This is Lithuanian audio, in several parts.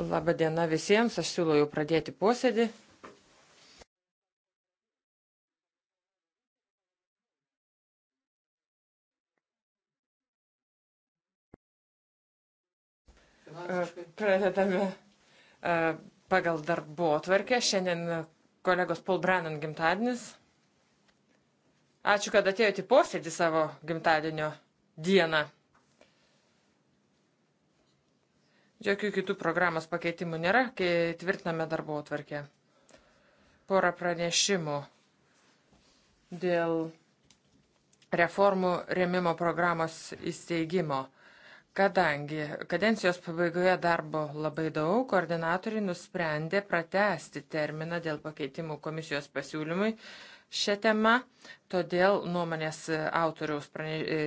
Labą dieną visiems, aš siūlau jau pradėti posėdį. Pradedame pagal darbo atvarkę. Šiandien kolegos Paul Brennan gimtadienis. Ačiū, kad atėjote į posėdį savo gimtadienio dieną. Jokių kitų programos pakeitimų nėra, kai tvirtiname darbo atvarkę. Porą pranešimų dėl reformų remimo programos įsteigimo. Kadangi kadencijos pabaigoje darbo labai daug, koordinatoriai nusprendė pratesti terminą dėl pakeitimų komisijos pasiūlymui šią temą, todėl nuomonės autoriaus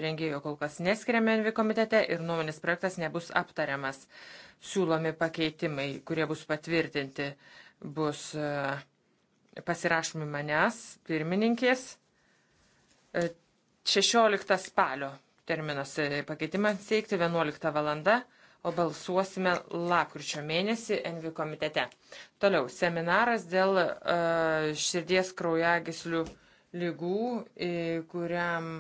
rengėjo kol kas neskiriame Envi komitete ir nuomonės projektas nebus aptariamas siūlomi pakeitimai, kurie bus patvirtinti, bus e, pasirašomi manęs, pirmininkės. 16 e, spalio terminas e, pakeitimams teikti 11 valanda, o balsuosime lapkričio mėnesį Envi komitete. Toliau, seminaras dėl uh, širdies kraujagislių lygų, kuriam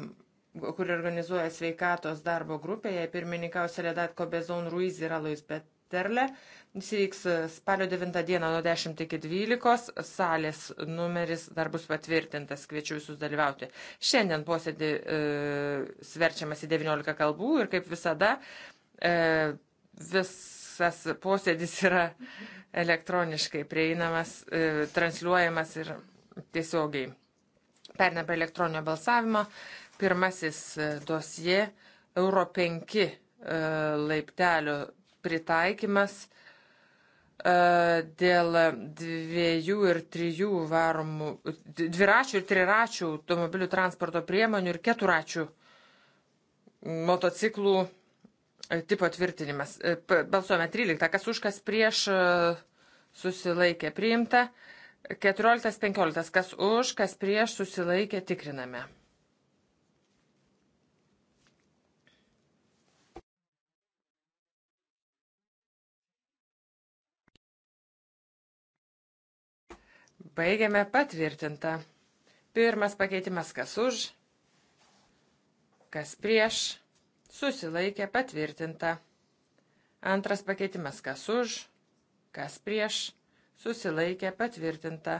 kuri organizuoja sveikatos darbo grupė, jai pirmininkaus Redat Kobezon Ruiz ir Alois Bet Terle. Jis vyks e, spalio 9 dieną nuo 10 iki 12. Salės numeris dar bus patvirtintas. Kviečiu visus dalyvauti. Šiandien posėdį e, sverčiamas į 19 kalbų ir kaip visada e, visas posėdis yra elektroniškai prieinamas, e, transliuojamas ir tiesiogiai. Pernė prie elektroninio balsavimo. Pirmasis e, dosie Euro 5 e, laiptelio pritaikymas e, dėl dviejų ir trijų varomų, dviračių ir triračių automobilių transporto priemonių ir keturačių motociklų e, tipo tvirtinimas. E, balsuojame 13, kas už, kas prieš susilaikė priimta. 14-15, kas už, kas prieš susilaikė tikriname. Baigiame patvirtintą. Pirmas pakeitimas kas už, kas prieš, susilaikė patvirtinta. Antras pakeitimas kas už, kas prieš, susilaikė patvirtinta.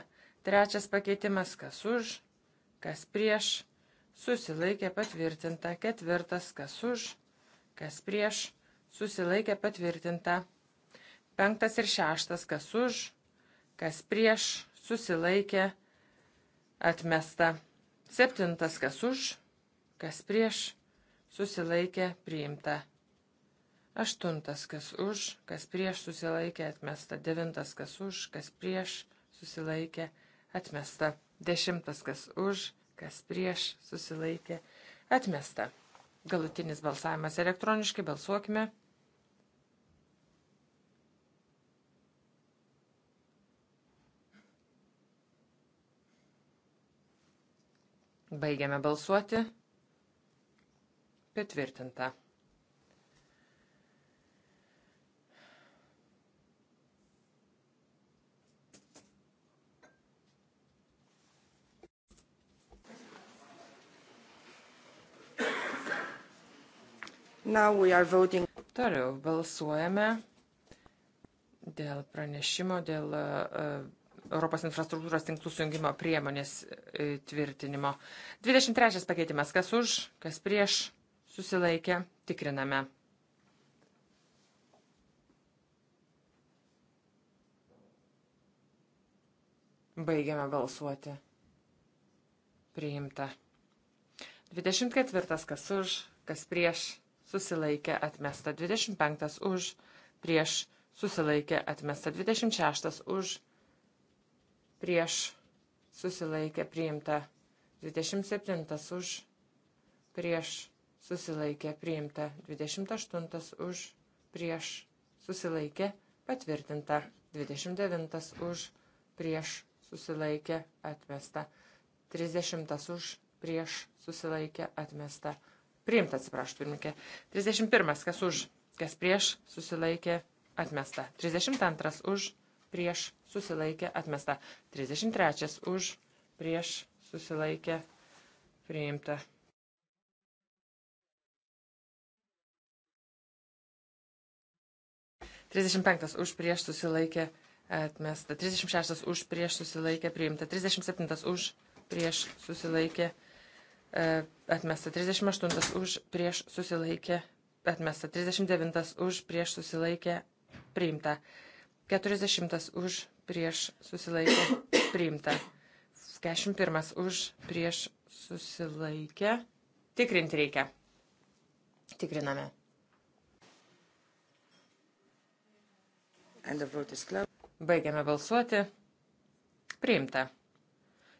Trečias pakeitimas kas už, kas prieš, susilaikė patvirtinta. Ketvirtas kas už, kas prieš, susilaikė patvirtinta. Penktas ir šeštas kas už, kas prieš, susilaikė, atmesta. Septintas, kas už, kas prieš, susilaikė, priimta. Aštuntas, kas už, kas prieš, susilaikė, atmesta. Devintas, kas už, kas prieš, susilaikė, atmesta. Dešimtas, kas už, kas prieš, susilaikė, atmesta. Galutinis balsavimas elektroniškai balsuokime. Baigiame balsuoti. Patvirtinta. Toliau balsuojame dėl pranešimo, dėl uh, Europos infrastruktūros tinklų sujungimo priemonės e, tvirtinimo. 23 pakeitimas. Kas už, kas prieš, susilaikė, tikriname. Baigiame balsuoti. Priimta. 24. Kas už, kas prieš, susilaikė, atmesta. 25. Už, prieš, susilaikė, atmesta. 26. Už, prieš susilaikė priimta. 27 už prieš susilaikė priimta. 28 už prieš susilaikė patvirtinta. 29 už prieš susilaikė atmesta. 30 už prieš susilaikė atmesta. Priimta, atsiprašau, pirmininkė. 31. Kas už, kas prieš susilaikė atmesta. 32 už prieš susilaikė atmesta. 33 už prieš susilaikė priimta. Trisdešimt penktas už prieš susilaikė atmesta. Trisdešimt šeštas už prieš susilaikė priimta. Trisdešimt septintas už prieš susilaikė e, atmesta. Trisdešimt aštuntas už prieš susilaikė atmesta. Trisdešimt devintas už prieš susilaikė priimta. 38 40 už prieš susilaikę priimta. 41 už prieš susilaikę. Tikrinti reikia. Tikriname. Baigiame balsuoti. Priimta.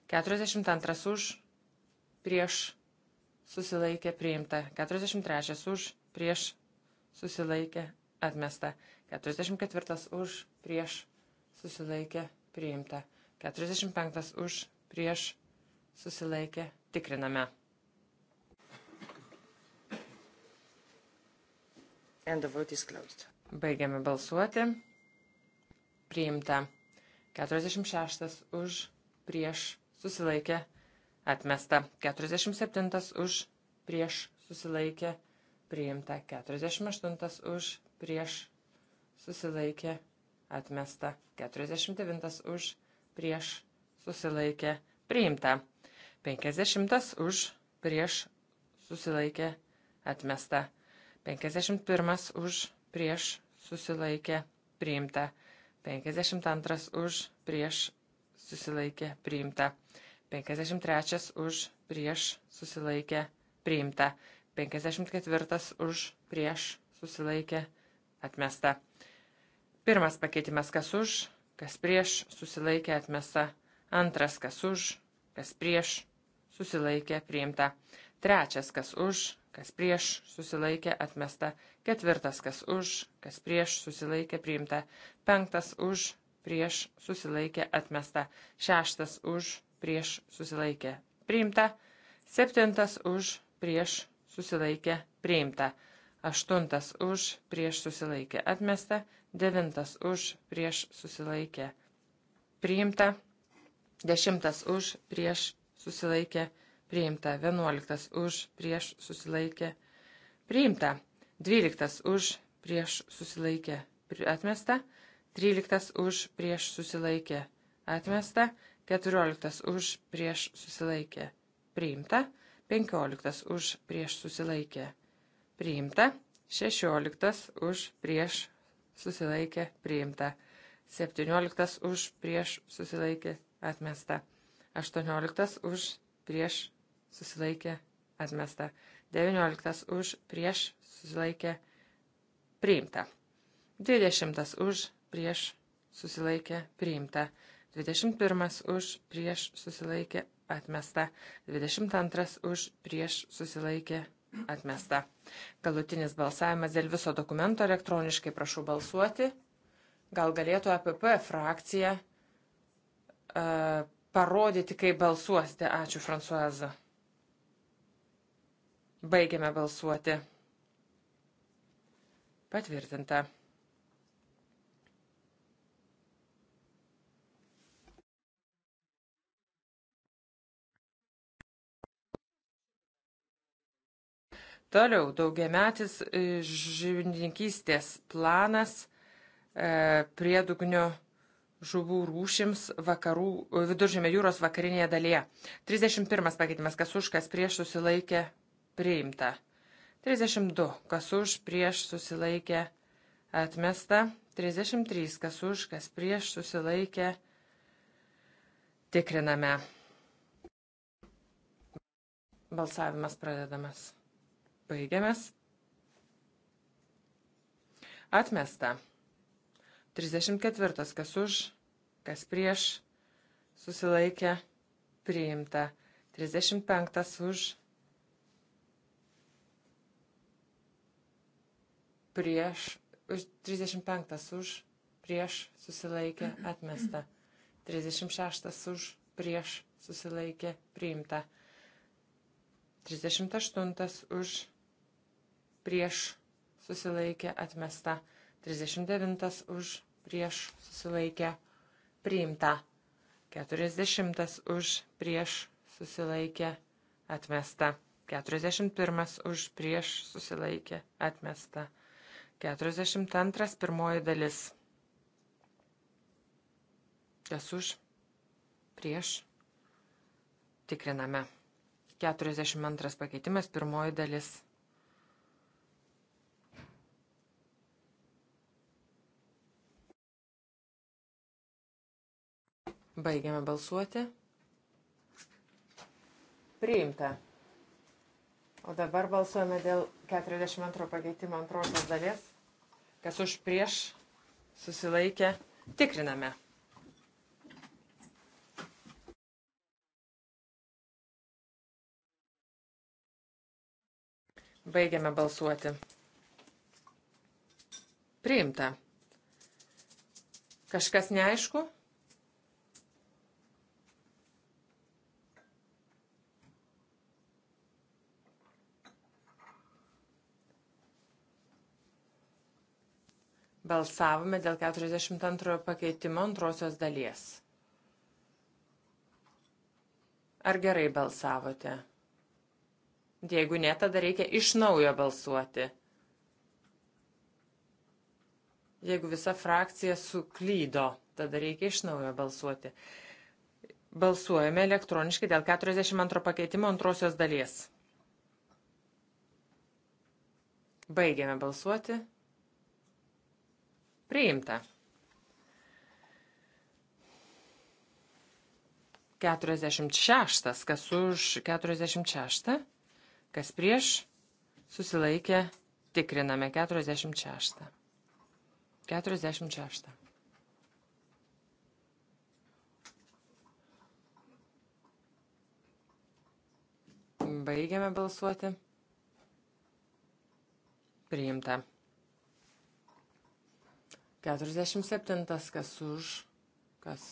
42 už prieš susilaikė priimta. 43 už prieš susilaikė atmesta. 44 už prieš susilaikė priimta. 45 už prieš susilaikė tikriname. And the vote is closed. Baigiame balsuoti. Priimta. 46 už prieš susilaikė atmesta. 47 už prieš susilaikė priimta. 48 už prieš susilaikė, atmesta. 49 už, prieš, susilaikė, priimta. 50 už, prieš, susilaikė, atmesta. 51 už, prieš, susilaikė, priimta. 52 už, prieš, susilaikė, priimta. 53 už, prieš, susilaikė, priimta. 54 už, prieš, susilaikė, atmesta. Pirmas pakeitimas kas už, kas prieš, susilaikė atmesta. Antras kas už, kas prieš, susilaikė priimta. Trečias kas už, kas prieš, susilaikė atmesta. Ketvirtas kas už, kas prieš, susilaikė priimta. Penktas už, prieš, susilaikė atmesta. Šeštas už, prieš, susilaikė priimta. Septintas už, prieš, susilaikė priimta aštuntas už prieš susilaikė atmesta, devintas už prieš susilaikė priimta, dešimtas už prieš susilaikė priimta, vienuoliktas už prieš susilaikė priimta, dvyliktas už prieš susilaikė atmesta, tryliktas už prieš susilaikė atmesta, keturioliktas už prieš susilaikė priimta, penkioliktas už prieš susilaikė atmesta priimta, 16 už prieš susilaikė priimta, 17 už prieš susilaikė atmesta, 18 už prieš susilaikė atmesta, 19 už prieš susilaikė priimta, 20 už prieš susilaikė priimta, 21 už prieš susilaikė atmesta, 22 už prieš susilaikė atmesta. Galutinis balsavimas dėl viso dokumento elektroniškai prašau balsuoti. Gal galėtų APP frakcija uh, parodyti, kaip balsuosite. Ačiū, Fransuaza. Baigiame balsuoti. Patvirtinta. Toliau daugiametis e, žuvininkystės planas e, priedugnio žuvų rūšims vakarų, e, viduržėmė jūros vakarinėje dalyje. 31 pakeitimas, kas už, kas prieš susilaikė, priimta. 32, kas už, prieš susilaikė, atmesta. 33, kas už, kas prieš susilaikė, tikriname. Balsavimas pradedamas. Baigiamės. Atmesta. 34. Kas už, kas prieš, susilaikė, priimta. 35. Už, prieš, 35. Už, prieš, susilaikė, atmesta. 36. Už, prieš, susilaikė, priimta. 38. Už, prieš prieš susilaikė atmesta. 39 už prieš susilaikė priimta. 40 už prieš susilaikė atmesta. 41 už prieš susilaikė atmesta. 42 pirmoji dalis. Kas už prieš tikriname. 42 pakeitimas pirmoji dalis. Baigiame balsuoti. Priimta. O dabar balsuojame dėl 42 pakeitimo antrosios dalies. Kas už prieš susilaikė, tikriname. Baigiame balsuoti. Priimta. Kažkas neaišku? Balsavome dėl 42 pakeitimo antrosios dalies. Ar gerai balsavote? Jeigu ne, tada reikia iš naujo balsuoti. Jeigu visa frakcija suklydo, tada reikia iš naujo balsuoti. Balsuojame elektroniškai dėl 42 pakeitimo antrosios dalies. Baigiame balsuoti. Priimta. 46. Kas už 46? Kas prieš? Susilaikė. Tikriname 46. 46. Baigiame balsuoti. Priimta. 47. Kas už, kas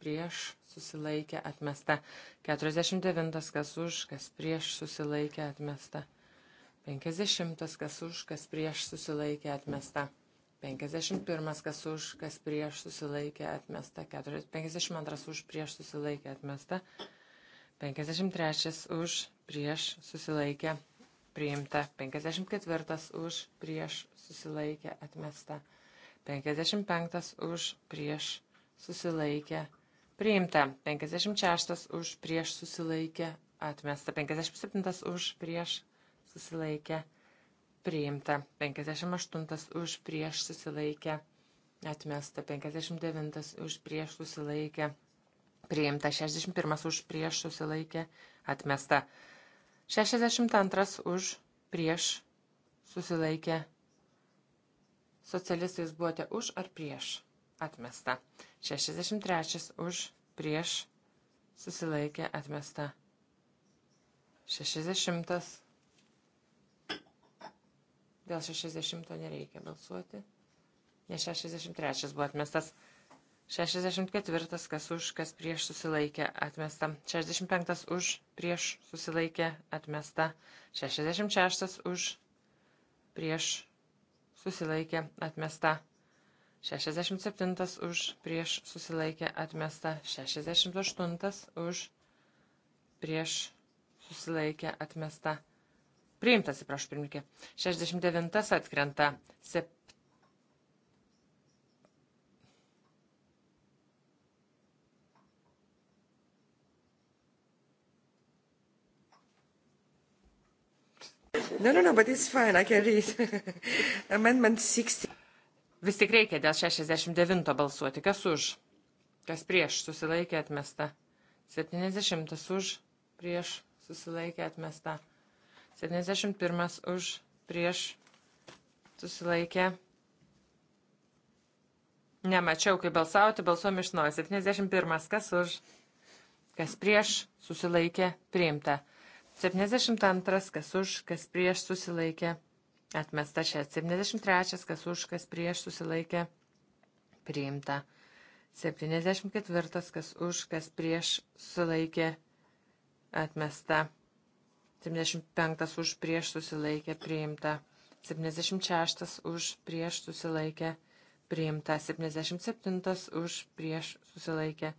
prieš susilaikė atmesta. 49. Kas už, kas prieš susilaikė atmesta. 50. Kas už, kas prieš susilaikė atmesta. 51. Kas už, kas prieš susilaikė atmesta. 52. Už prieš susilaikė atmesta. 53. Už prieš susilaikė priimta. 54. Už prieš susilaikė atmesta. 55 už prieš susilaikę priimta, 56 už prieš susilaikę atmesta, 57 už prieš susilaikę priimta, 58 už prieš susilaikę atmesta, 59 už prieš susilaikę priimta, 61 už prieš susilaikę atmesta, 62 už prieš susilaikę atmesta Socialistais buvote už ar prieš? Atmesta. 63 už, prieš, susilaikė, atmesta. 60. Dėl 60 nereikia balsuoti. Ne 63 buvo atmestas. 64 kas už, kas prieš susilaikė atmesta. 65 už, prieš susilaikė atmesta. 66 už, prieš susilaikė atmesta. 67 už prieš susilaikė atmesta. 68 už prieš susilaikė atmesta. Priimtas, įprašau, pirmininkė. 69 atkrenta. 7 No, no, no, but it's fine, I can read. Amendment 60. Vis tik reikia dėl 69 balsuoti. Kas už? Kas prieš? Susilaikė atmesta. 70 už, prieš, susilaikė atmesta. 71 už, prieš, susilaikė. Nemačiau, kaip balsauti, balsuom iš naujo. 71 kas už, kas prieš, susilaikė, priimta. 72, kas už, kas prieš susilaikė, atmesta čia. 73, kas už, kas prieš susilaikė, priimta. 74, kas už, kas prieš susilaikė, atmesta. 75 už prieš susilaikė priimta, 76 už prieš susilaikė priimta, 77 už prieš susilaikė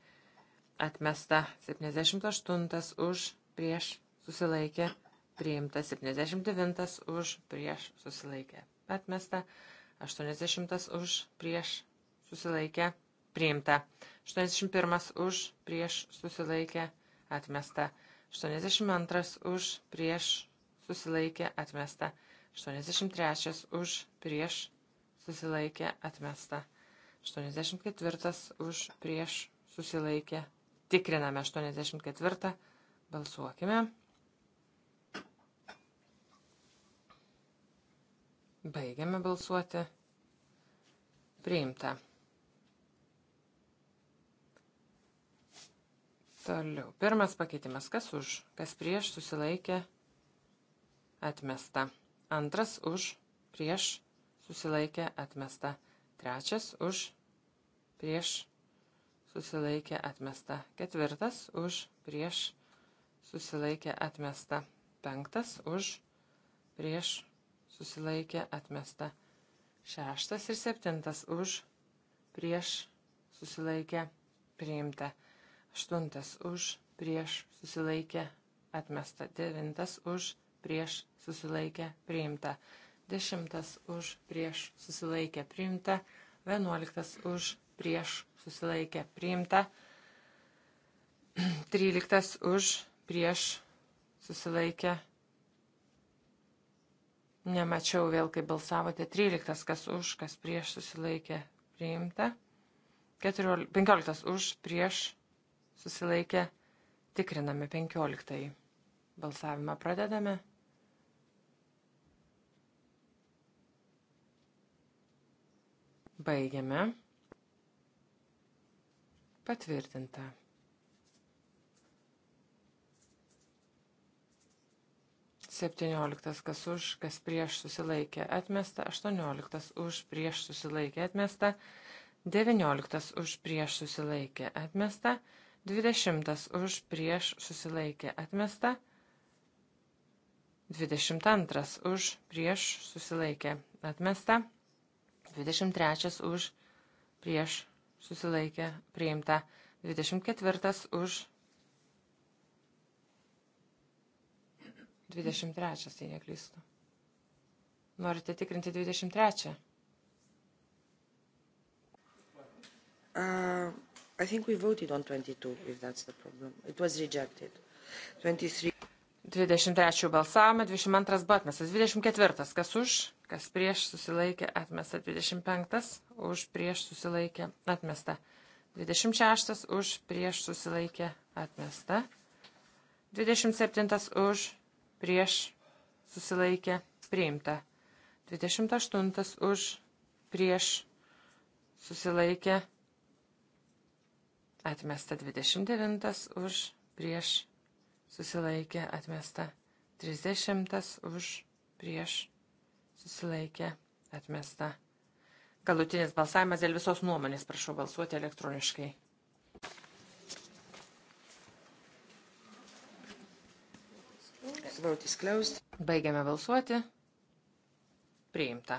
atmesta, 78 už prieš susilaikė, priimta 79 už, prieš susilaikė, atmesta 80 už, prieš susilaikė, priimta 81 už, prieš susilaikė, atmesta 82 už, prieš susilaikė, atmesta 83 už, prieš susilaikė, atmesta 84 už, prieš susilaikė, Tikriname 84. Balsuokime. Baigiame balsuoti. Priimta. Toliau. Pirmas pakeitimas. Kas už? Kas prieš susilaikė? Atmesta. Antras už. Prieš susilaikė. Atmesta. Trečias už. Prieš susilaikė. Atmesta. Ketvirtas už. Prieš susilaikė. Atmesta. Penktas už. Prieš susilaikė atmesta. Šeštas ir septintas už, prieš susilaikė priimta. Aštuntas už, prieš susilaikė atmesta. Devintas už, prieš susilaikė priimta. Dešimtas už, prieš susilaikė priimta. Vienuoliktas už, prieš susilaikė priimta. Tryliktas už, prieš susilaikė priimta. Nemačiau vėl, kai balsavote. 13. Kas už, kas prieš susilaikė priimta. 14, 15. Už, prieš susilaikė. Tikriname 15. Balsavimą pradedame. Baigiame. Patvirtinta. 17, kas už, kas prieš susilaikė atmesta, 18 už, prieš susilaikė atmesta, 19 už, prieš susilaikė atmesta, 20 už, prieš susilaikė atmesta, 22 už, prieš susilaikė atmesta, 23 už, prieš susilaikė priimta, 24 už, 23, tai neklystu. Norite tikrinti 23? Uh, I think we voted on 22, if that's the problem. It was rejected. 23. 23 balsavome, 22 batmesas, 24 kas už, kas prieš susilaikė atmesta, 25 už prieš susilaikė atmesta, 26 už prieš susilaikė atmesta, 27 už prieš susilaikė priimta. 28 už prieš susilaikė atmesta. 29 už prieš susilaikė atmesta. 30 už prieš susilaikė atmesta. Galutinis balsavimas dėl visos nuomonės prašau balsuoti elektroniškai. Baigiame balsuoti. Priimta.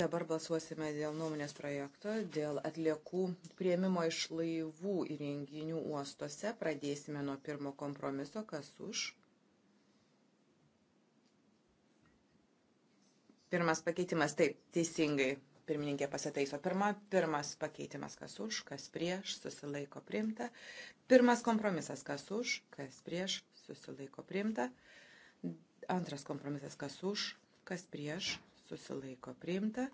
Dabar balsuosime dėl nuomonės projekto, dėl atliekų prieimimo iš laivų įrenginių uostuose. Pradėsime nuo pirmo kompromiso, kas už, Pirmas pakeitimas, taip, teisingai, pirmininkė pasitaiso. Pirma, pirmas pakeitimas, kas už, kas prieš, susilaiko priimta. Pirmas kompromisas, kas už, kas prieš, susilaiko priimta. Antras kompromisas, kas už, kas prieš, susilaiko priimta.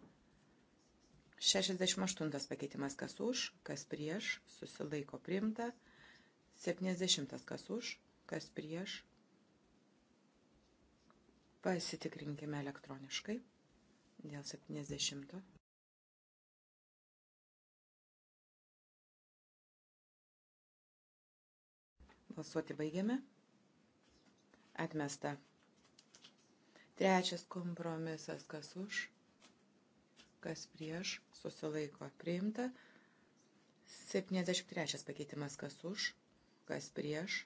68 pakeitimas, kas už, kas prieš, susilaiko priimta. 70 kas už, kas prieš, Pasitikrinkime elektroniškai dėl 70. Balsuoti baigiame. Atmesta. Trečias kompromisas, kas už, kas prieš, susilaiko priimta. 73 pakeitimas, kas už, kas prieš,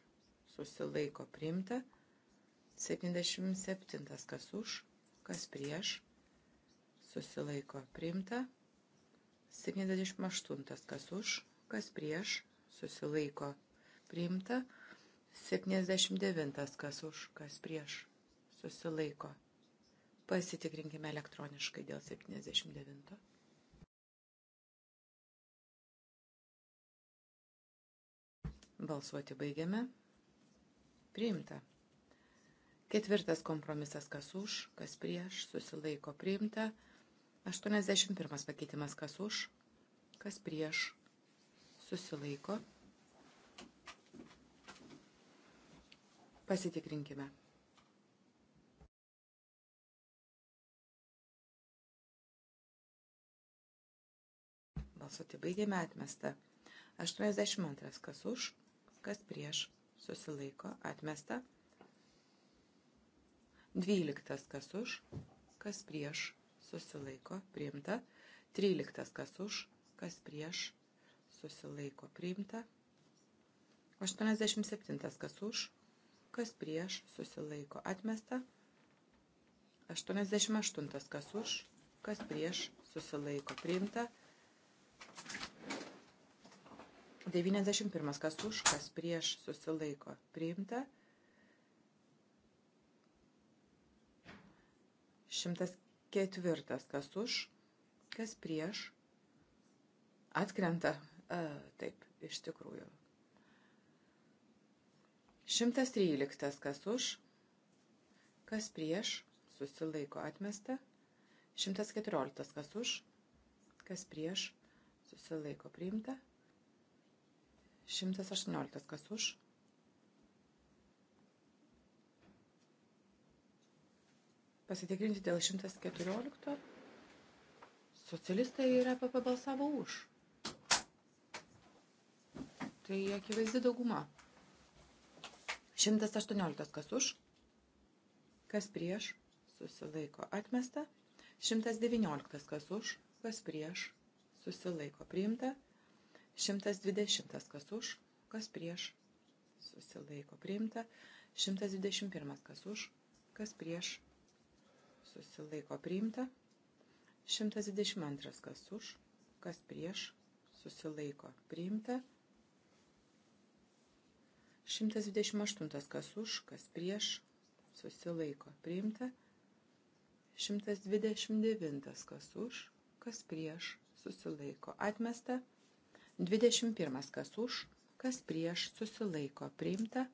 susilaiko priimta. 77. Kas už, kas prieš, susilaiko priimta. 78. Kas už, kas prieš, susilaiko priimta. 79. Kas už, kas prieš, susilaiko. Pasitikrinkime elektroniškai dėl 79. Balsuoti baigiame. Priimta. Ketvirtas kompromisas, kas už, kas prieš, susilaiko priimta. 81 pakeitimas, kas už, kas prieš, susilaiko. Pasitikrinkime. Balsuoti baigėme atmestą. 82 kas už, kas prieš, susilaiko, atmesta. 12 kas už, kas prieš, susilaiko, priimta. 13 kas už, kas prieš, susilaiko, priimta. 87 kas už, kas prieš, susilaiko, atmesta. 88 kas už, kas prieš, susilaiko, priimta. 91 kas už, kas prieš, susilaiko, priimta. 104. Kas už, kas prieš. Atkrenta. A, e, taip, iš tikrųjų. 113. Kas už, kas prieš. Susilaiko atmesta. 114. Kas už, kas prieš. Susilaiko priimta. 118. Kas už, pasitikrinti dėl 114. Socialistai ir APP balsavo už. Tai akivaizdi dauguma. 118 kas už, kas prieš, susilaiko atmesta. 119 kas už, kas prieš, susilaiko priimta. 120 kas už, kas prieš, susilaiko priimta. 121 kas už, kas prieš, susilaiko priimta. 122 kas už, kas prieš, susilaiko priimta. 128 kas už, kas prieš, susilaiko priimta. 129 kas už, kas prieš, susilaiko atmesta. 21 kas už, kas prieš, susilaiko priimta.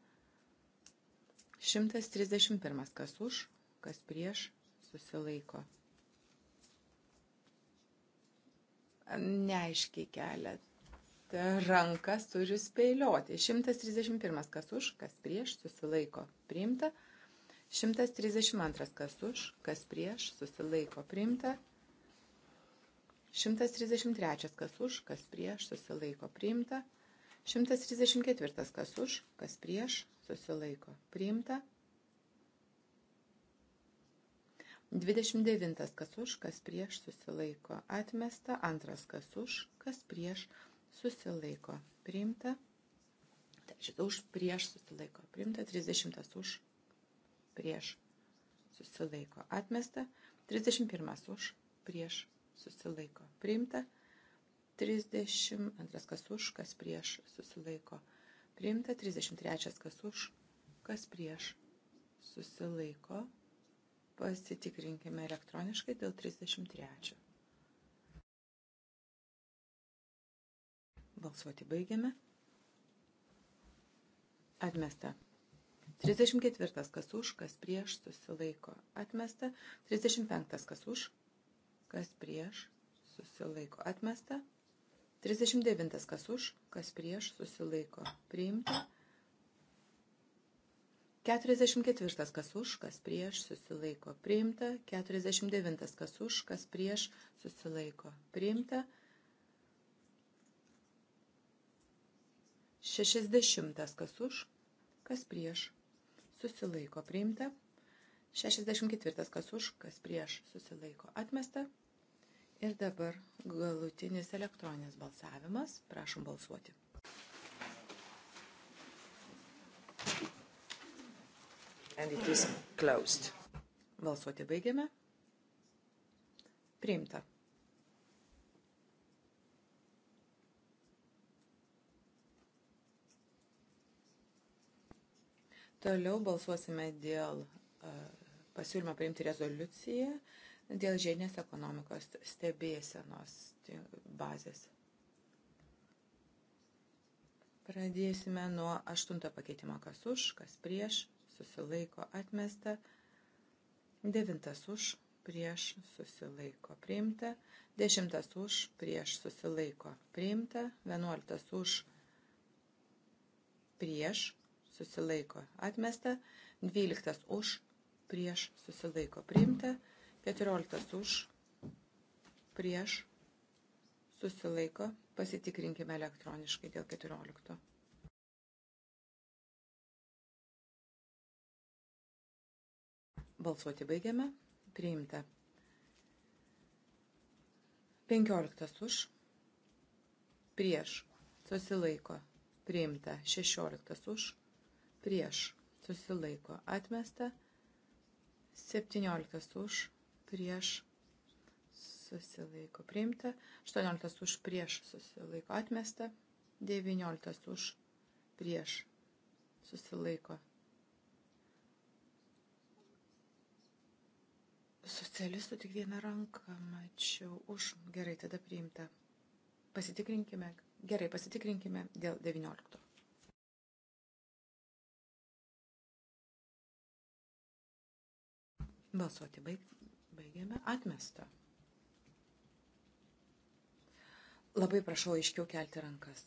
131 kas už, kas prieš, susilaiko. Neaiškiai kelia rankas turiu spėlioti. 131 kas už, kas prieš, susilaiko priimta. 132 kas už, kas prieš, susilaiko priimta. 133 kas už, kas prieš, susilaiko priimta. 134 kas už, kas prieš, susilaiko priimta. 29. Kas už, kas prieš susilaiko. Atmesta. Antras. Kas už, kas prieš susilaiko. Priimta. Šitą už prieš susilaiko. Priimta. 30. Už prieš susilaiko. Atmesta. 31. Už prieš susilaiko. Priimta. 32. Kas už, kas prieš susilaiko. Priimta. 33. Kas už, kas prieš susilaiko. Pasitikrinkime elektroniškai dėl 33. Balsuoti baigiame. Atmesta. 34. Kas už, kas prieš, susilaiko. Atmesta. 35. Kas už, kas prieš, susilaiko. Atmesta. 39. Kas už, kas prieš, susilaiko. Priimta. 44 kas už, kas prieš susilaiko priimta, 49 kas už, kas prieš susilaiko priimta, 60 kas už, kas prieš susilaiko priimta, 64 kas už, kas prieš susilaiko atmesta. Ir dabar galutinis elektroninis balsavimas. Prašom balsuoti. And it is closed. Balsuoti baigiame. Priimta. Toliau balsuosime dėl e, pasiūlymą priimti rezoliuciją dėl žiedinės ekonomikos stebėsenos bazės. Pradėsime nuo aštunto pakeitimo, kas už, kas prieš, susilaiko atmesta, devintas už, prieš susilaiko priimta, dešimtas už, prieš susilaiko priimta, vienuoliktas už, prieš susilaiko atmesta, dvyliktas už, prieš susilaiko priimta, keturioliktas už, prieš susilaiko, pasitikrinkime elektroniškai dėl keturiolikto. Balsuoti baigiame. Priimta. 15 už. Prieš. Susilaiko. Priimta. 16 už. Prieš. Susilaiko. Atmesta. 17 už. Prieš susilaiko priimta, 18 už prieš susilaiko atmesta, 19 už prieš susilaiko Socialistų tik vieną ranką mačiau. Už. Gerai, tada priimta. Pasitikrinkime. Gerai, pasitikrinkime dėl 19. Balsuoti baig, baigėme. Atmesta. Labai prašau aiškiau kelti rankas.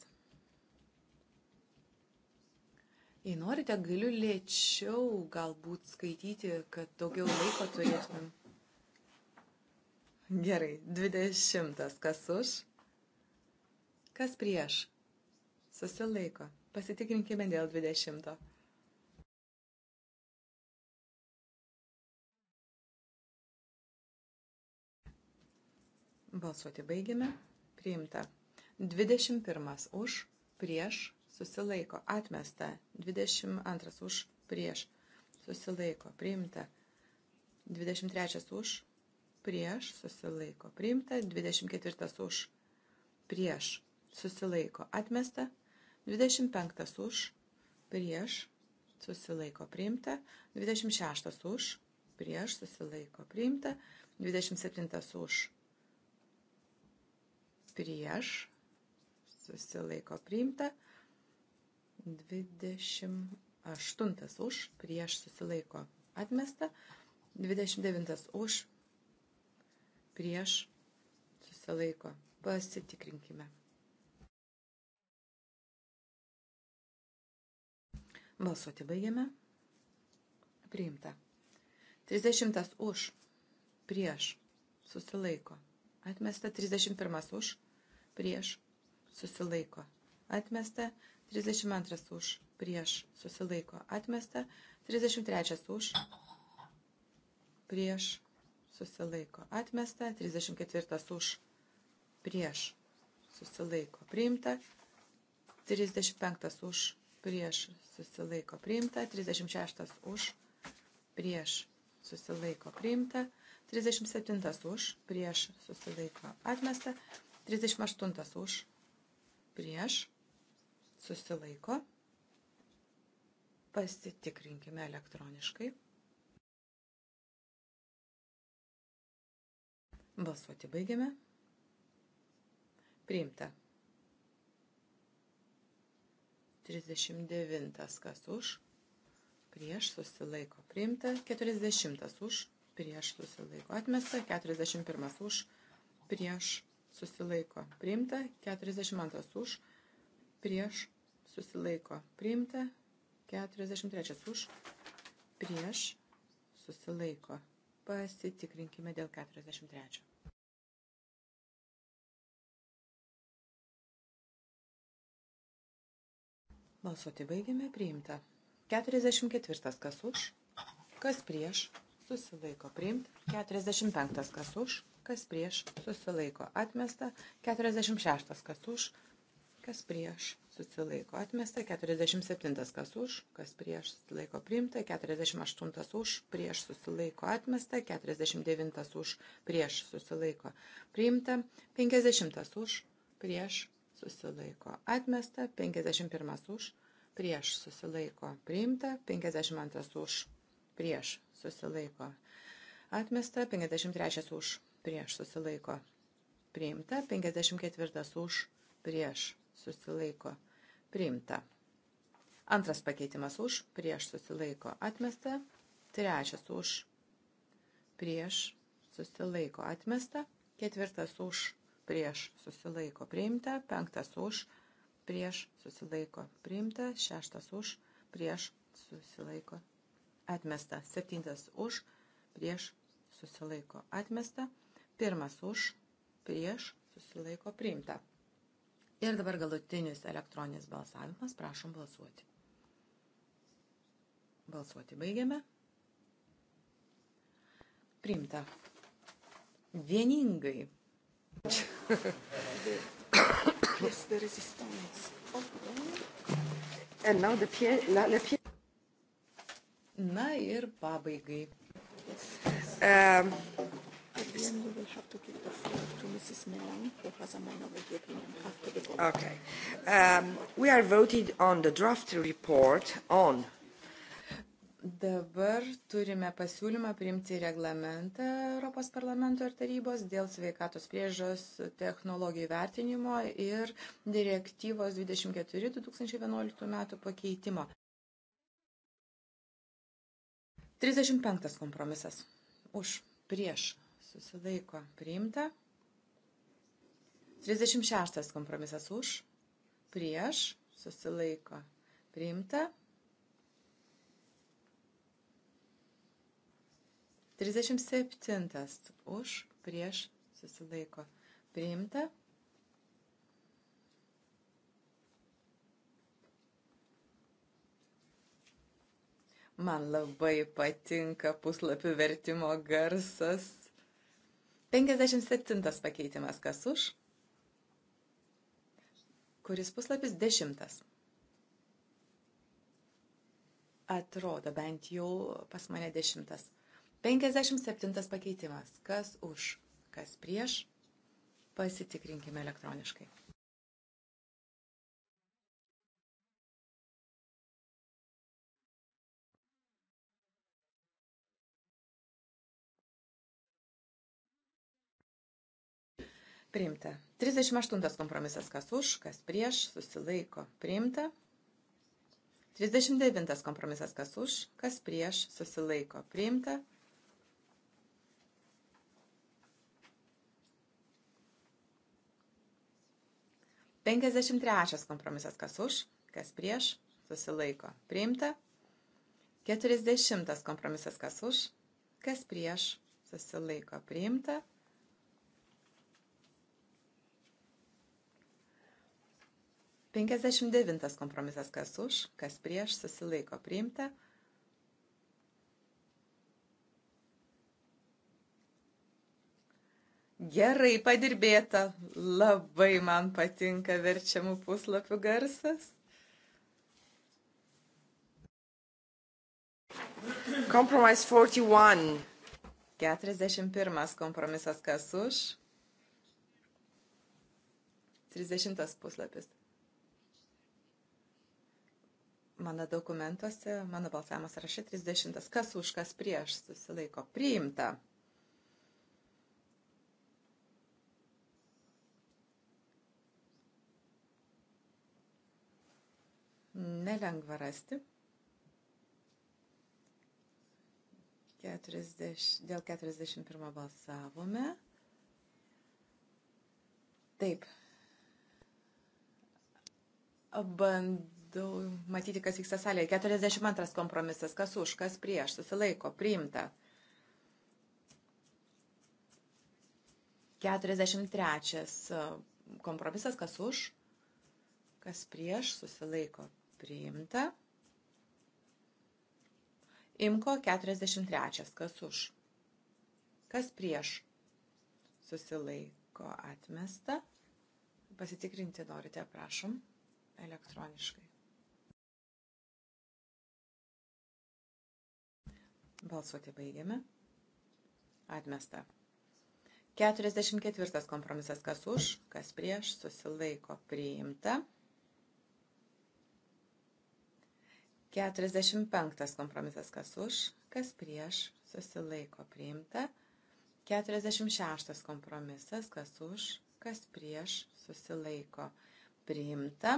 Jei norite, galiu lėčiau galbūt skaityti, kad daugiau laiko turėtumėm. Gerai, dvidešimtas. Kas už? Kas prieš? Susilaiko. Pasitikrinkime dėl dvidešimto. Balsuoti baigime. Priimta. 21 už, prieš, susilaiko. Atmesta. 22 už, prieš, susilaiko. Priimta. 23 už, prieš susilaiko priimta, 24 už prieš susilaiko atmesta, 25 už prieš susilaiko priimta, 26 už prieš susilaiko priimta, 27 už prieš susilaiko priimta, 28 už prieš susilaiko atmesta, 29 už prieš susilaiko. Pasitikrinkime. Balsuoti baigiame. Priimta. 30 už. Prieš. Susilaiko. Atmesta 31 už. Prieš. Susilaiko. Atmesta 32 už. Prieš. Susilaiko. Atmesta 33 už. Prieš susilaiko atmesta, 34 už prieš susilaiko priimta, 35 už prieš susilaiko priimta, 36 už prieš susilaiko priimta, 37 už prieš susilaiko atmesta, 38 už prieš susilaiko. Pasitikrinkime elektroniškai. Balsuoti baigiame. Priimta. 39. Kas už? Prieš susilaiko. Priimta. 40. Už? Prieš susilaiko. Atmesta. 41. Už? Prieš susilaiko. Priimta. 42. Už? Prieš susilaiko. Priimta. 43. Už? Prieš susilaiko. Pasitikrinkime dėl 43. Balsuoti baigėme, priimta. 44. Kas už, kas prieš, susilaiko priimta. 45. Kas už, kas prieš, susilaiko atmesta. 46. Kas už, kas prieš, susilaiko atmesta, 47 kas už, kas prieš susilaiko priimta, 48 už, prieš susilaiko atmesta, 49 už, prieš susilaiko priimta, 50 už, prieš susilaiko atmesta, 51 už, prieš susilaiko priimta, 52 už, prieš susilaiko atmesta, 53 už, prieš susilaiko priimta, 54 už, prieš susilaiko priimta. Antras pakeitimas už, prieš susilaiko atmesta. Trečias už, prieš susilaiko atmesta. Ketvirtas už, prieš susilaiko priimta. Penktas už, prieš susilaiko priimta. Šeštas už, prieš susilaiko atmesta. Septintas už, prieš susilaiko atmesta. Pirmas už, prieš susilaiko priimta. Ir dabar galutinis elektroninis balsavimas. Prašom balsuoti. Balsuoti baigiame. Priimta. Vieningai. yes, the resistance. And now the pied, la, la pied. Na ir pabaigai. Um, Again, we will have to give the floor to Mrs. Milan, who has a man of the European after the vote. Okay. Um, we are voted on the draft report on Dabar turime pasiūlymą priimti reglamentą Europos parlamento ir tarybos dėl sveikatos priežos technologijų vertinimo ir direktyvos 24-2011 metų pakeitimo. 35 kompromisas. Už, prieš, Susilaiko priimta. 36 kompromisas už, prieš, susilaiko priimta. 37 už, prieš, susilaiko priimta. 38 man labai patinka puslapių vertimo garsas. 57 pakeitimas. Kas už? Kuris puslapis? Dešimtas. Atrodo, bent jau pas mane dešimtas. 57 pakeitimas. Kas už? Kas prieš? Pasitikrinkime elektroniškai. Priimta. 38 kompromisas, kas už, kas prieš, susilaiko. Priimta. 39 kompromisas, kas už, kas prieš, susilaiko. Priimta. 53 kompromisas, kas už, kas prieš, susilaiko. Priimta. 40 kompromisas, kas už, kas prieš, susilaiko. Priimta. 59 kompromisas kas už, kas prieš, susilaiko priimta. Gerai padirbėta, labai man patinka verčiamų puslapių garsas. Compromise 41. 41 kompromisas kas už. 30 puslapis mano dokumentuose, mano balsavimo sąraše 30. Kas už, kas prieš susilaiko priimta. Nelengva rasti. 40, dėl 41 balsavome. Taip. Band, daug matyti, kas vyksta salėje. 42 kompromisas, kas už, kas prieš, susilaiko, priimta. 43 e, kompromisas, kas už, kas prieš, susilaiko, priimta. Imko 43, kas už, kas prieš, susilaiko, atmesta. Pasitikrinti norite, prašom, elektroniškai. Balsuoti baigiame. Atmesta. 44 kompromisas kas už, kas prieš, susilaiko priimta. 45 kompromisas kas už, kas prieš, susilaiko priimta. 46 kompromisas kas už, kas prieš, susilaiko priimta.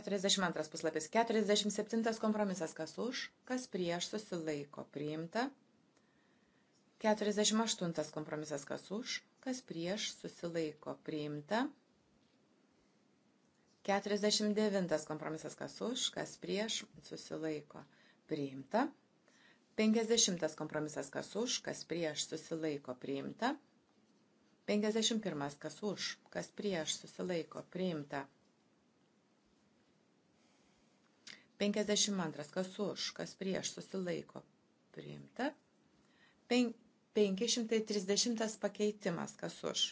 42 puslapis. 47 kompromisas. Kas už, kas prieš susilaiko priimta. 48 kompromisas. Kas už, kas prieš susilaiko priimta. 49 kompromisas. Kas už, kas prieš susilaiko priimta. 50 kompromisas. Kas už, kas prieš susilaiko priimta. 51 kas už, kas prieš susilaiko priimta. 52. Kas už, kas prieš susilaiko priimta. 530 pakeitimas. Kas už,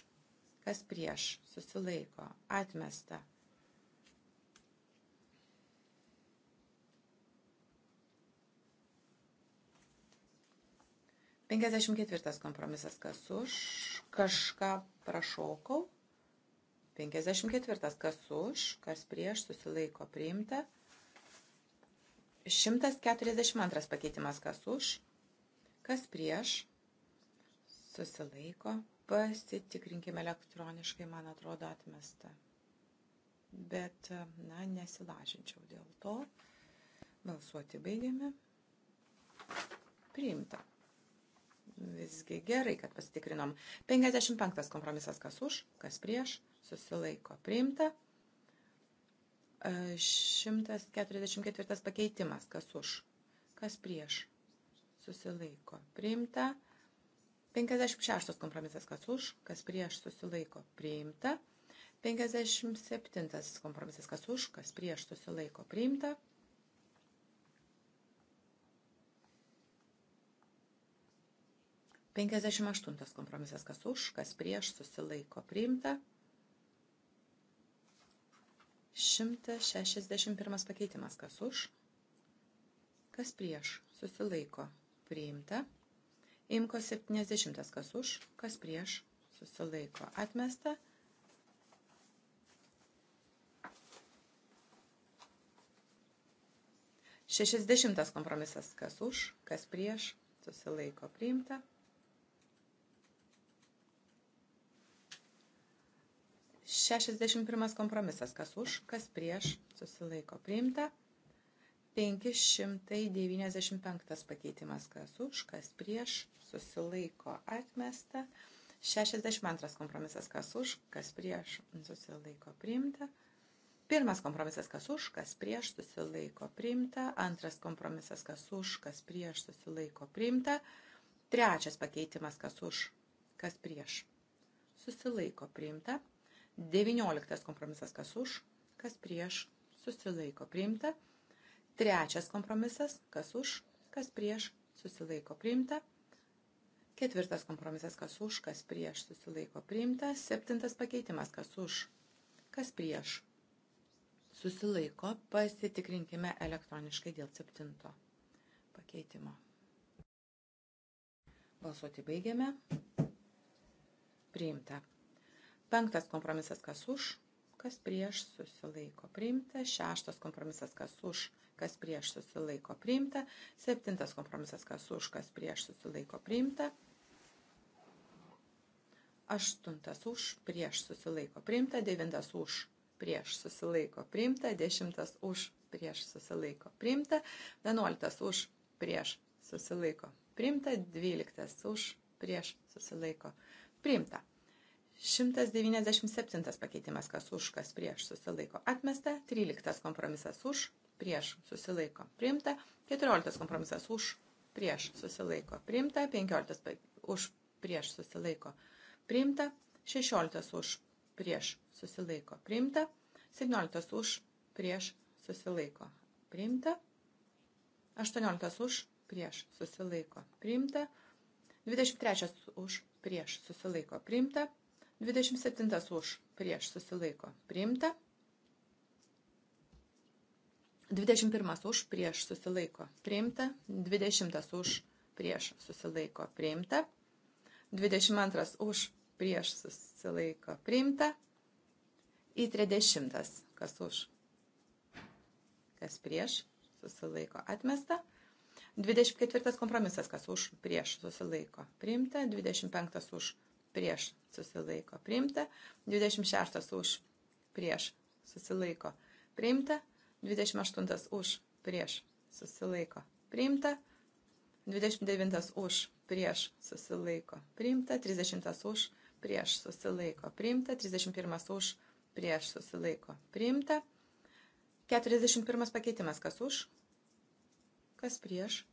kas prieš susilaiko atmesta. Penkiasdešimt ketvirtas kompromisas, kas už, kažką prašaukau. Penkiasdešimt ketvirtas, kas už, kas prieš, susilaiko priimta. 142 pakeitimas kas už, kas prieš, susilaiko, pasitikrinkime elektroniškai, man atrodo, atmesta. Bet, na, nesilažinčiau dėl to. Balsuoti baigiame. Priimta. Visgi gerai, kad pasitikrinom. 55 kompromisas kas už, kas prieš, susilaiko, priimta. 144 pakeitimas. Kas už? Kas prieš? Susilaiko. Priimta. 56 kompromisas. Kas už? Kas prieš? Susilaiko. Priimta. 57 kompromisas. Kas už? Kas prieš? Susilaiko. Priimta. 58 kompromisas. Kas už? Kas prieš? Susilaiko. Priimta. 161 pakeitimas. Kas už? Kas prieš? Susilaiko. Priimta. Imko 70. Kas už? Kas prieš? Susilaiko. Atmesta. Šešisdešimtas kompromisas. Kas už? Kas prieš? Susilaiko. Priimta. 61 kompromisas. Kas už, kas prieš, susilaiko priimta. 595 pakeitimas. Kas už, kas prieš, susilaiko atmesta. 62 kompromisas. Kas už, kas prieš, susilaiko priimta. Pirmas kompromisas, kas už, kas prieš, susilaiko priimta. Antras kompromisas, kas už, kas prieš, susilaiko priimta. Trečias pakeitimas, kas už, kas prieš, susilaiko priimta. 19 kompromisas kas už, kas prieš, susilaiko priimta. Trečias kompromisas kas už, kas prieš, susilaiko priimta. Ketvirtas kompromisas kas už, kas prieš, susilaiko priimta. Septintas pakeitimas kas už, kas prieš, susilaiko. Pasitikrinkime elektroniškai dėl septinto pakeitimo. Balsuoti baigiame. Priimta. Penktas kompromisas kas už, kas prieš susilaiko priimta. Šeštas kompromisas kas už, kas prieš susilaiko priimta. Septintas kompromisas kas už, kas prieš susilaiko priimta. Aštuntas už, prieš susilaiko priimta. Devintas už, prieš susilaiko priimta. Dešimtas už, prieš susilaiko priimta. Vienuoliktas už, prieš susilaiko priimta. Dvyliktas už, prieš susilaiko priimta. 197 pakeitimas, kas už, kas prieš susilaiko atmesta, 13 kompromisas už, prieš susilaiko priimta, 14 kompromisas už, prieš susilaiko priimta, 15 už, prieš susilaiko priimta, 16 už, prieš susilaiko priimta, 17 už, prieš susilaiko priimta, 18 už, prieš susilaiko priimta, 23 už, prieš susilaiko priimta, 27 už prieš susilaiko priimta. 21 už prieš susilaiko priimta. 20 už prieš susilaiko priimta. 22 už prieš susilaiko priimta. Į 30 kas už. Kas prieš susilaiko atmesta. 24 kompromisas kas už prieš susilaiko priimta. 25 už prieš prieš susilaiko priimta, 26 už prieš susilaiko priimta, 28 už prieš susilaiko priimta, 29 už prieš susilaiko priimta, 30 už prieš susilaiko priimta, 31 už prieš susilaiko priimta, 41 pakeitimas kas už, kas prieš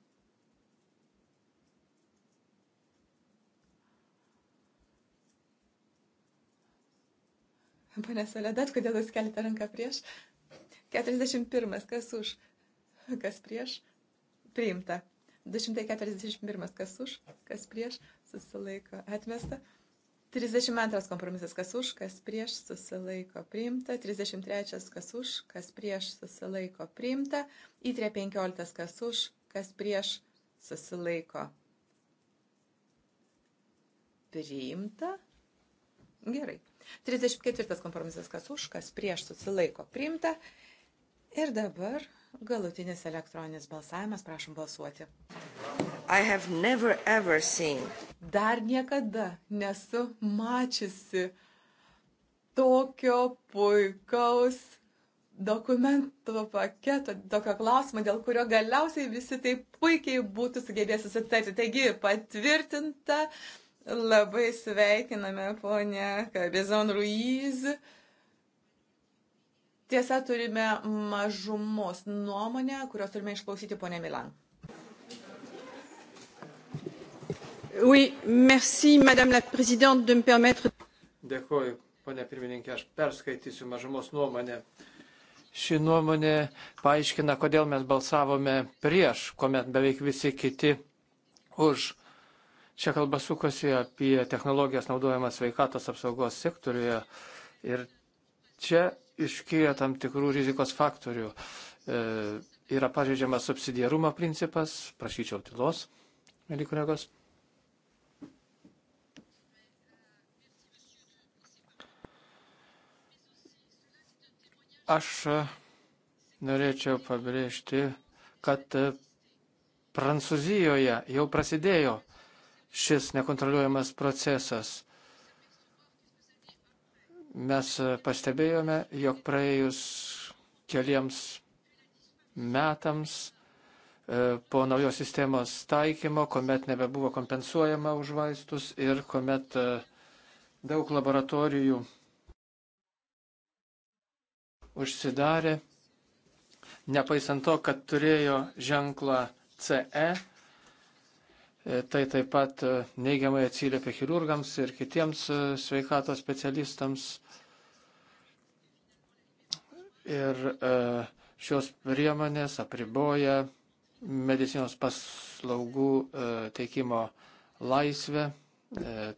Pane Soledat, kodėl jūs keliate ranką prieš? 41. Kas už? Kas prieš? Priimta. 241. Kas už? Kas prieš? Susilaiko. Atmesta. 32 kompromisas, kas už, kas prieš, susilaiko priimta. 33 kas už, kas prieš, susilaiko priimta. Įtrė 15 kas už, kas prieš, susilaiko priimta. Gerai. 34 kompromisas, kas už, kas prieš susilaiko priimta. Ir dabar galutinis elektroninis balsavimas, prašom balsuoti. I have never ever seen. Dar niekada nesu mačiusi tokio puikaus dokumentų paketo, tokio klausimo, dėl kurio galiausiai visi taip puikiai būtų sugebėję susitarti. Taigi patvirtinta Labai sveikiname ponę Kabizon Ruiz. Tiesa, turime mažumos nuomonę, kurios turime išklausyti ponę Milan. Oui, merci, Madame la Présidente, de me permettre. Dėkuoju, ponė pirmininkė, aš perskaitysiu mažumos nuomonę. Ši nuomonė paaiškina, kodėl mes balsavome prieš, kuomet beveik visi kiti už. Čia kalba sukasi apie technologijas naudojamas sveikatos apsaugos sektoriuje ir čia iškyja tam tikrų rizikos faktorių. E, yra pažeidžiamas subsidiarumo principas, prašyčiau tylos, mėly kolegos. Aš norėčiau pabrėžti, kad Prancūzijoje jau prasidėjo šis nekontroliuojamas procesas. Mes pastebėjome, jog praėjus keliems metams e, po naujos sistemos taikymo, kuomet nebebuvo kompensuojama už vaistus ir kuomet e, daug laboratorijų užsidarė, nepaisant to, kad turėjo ženklą CE, E, tai taip pat e, neigiamai atsiliepia chirurgams ir kitiems e, sveikatos specialistams. Ir šios priemonės apriboja medicinos paslaugų teikimo laisvę.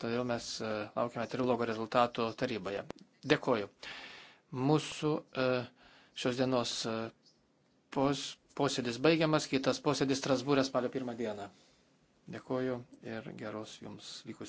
Todėl mes laukiame trilogo rezultato taryboje. Dėkoju. Mūsų šios dienos pos, posėdis baigiamas, kitas posėdis Strasbūrė spalio pirmą dieną. Dėkoju ir geros jums likus.